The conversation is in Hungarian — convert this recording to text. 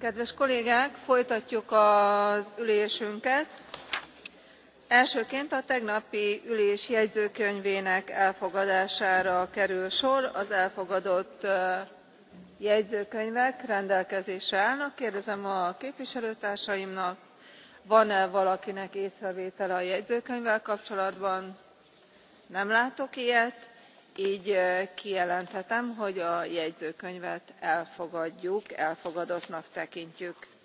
kedves kollégák folytatjuk az ülésünket. elsőként a tegnapi ülés jegyzőkönyvének elfogadására kerül sor az elfogadott jegyzőkönyvek rendelkezésre állnak. kérdezem a képviselőtársaimnak van e valakinek észrevétele a jegyzőkönyvvel kapcsolatban? nem látok ilyet gy kijelenthetem hogy a jegyzőkönyvet elfogadjuk elfogadottnak tekintjük.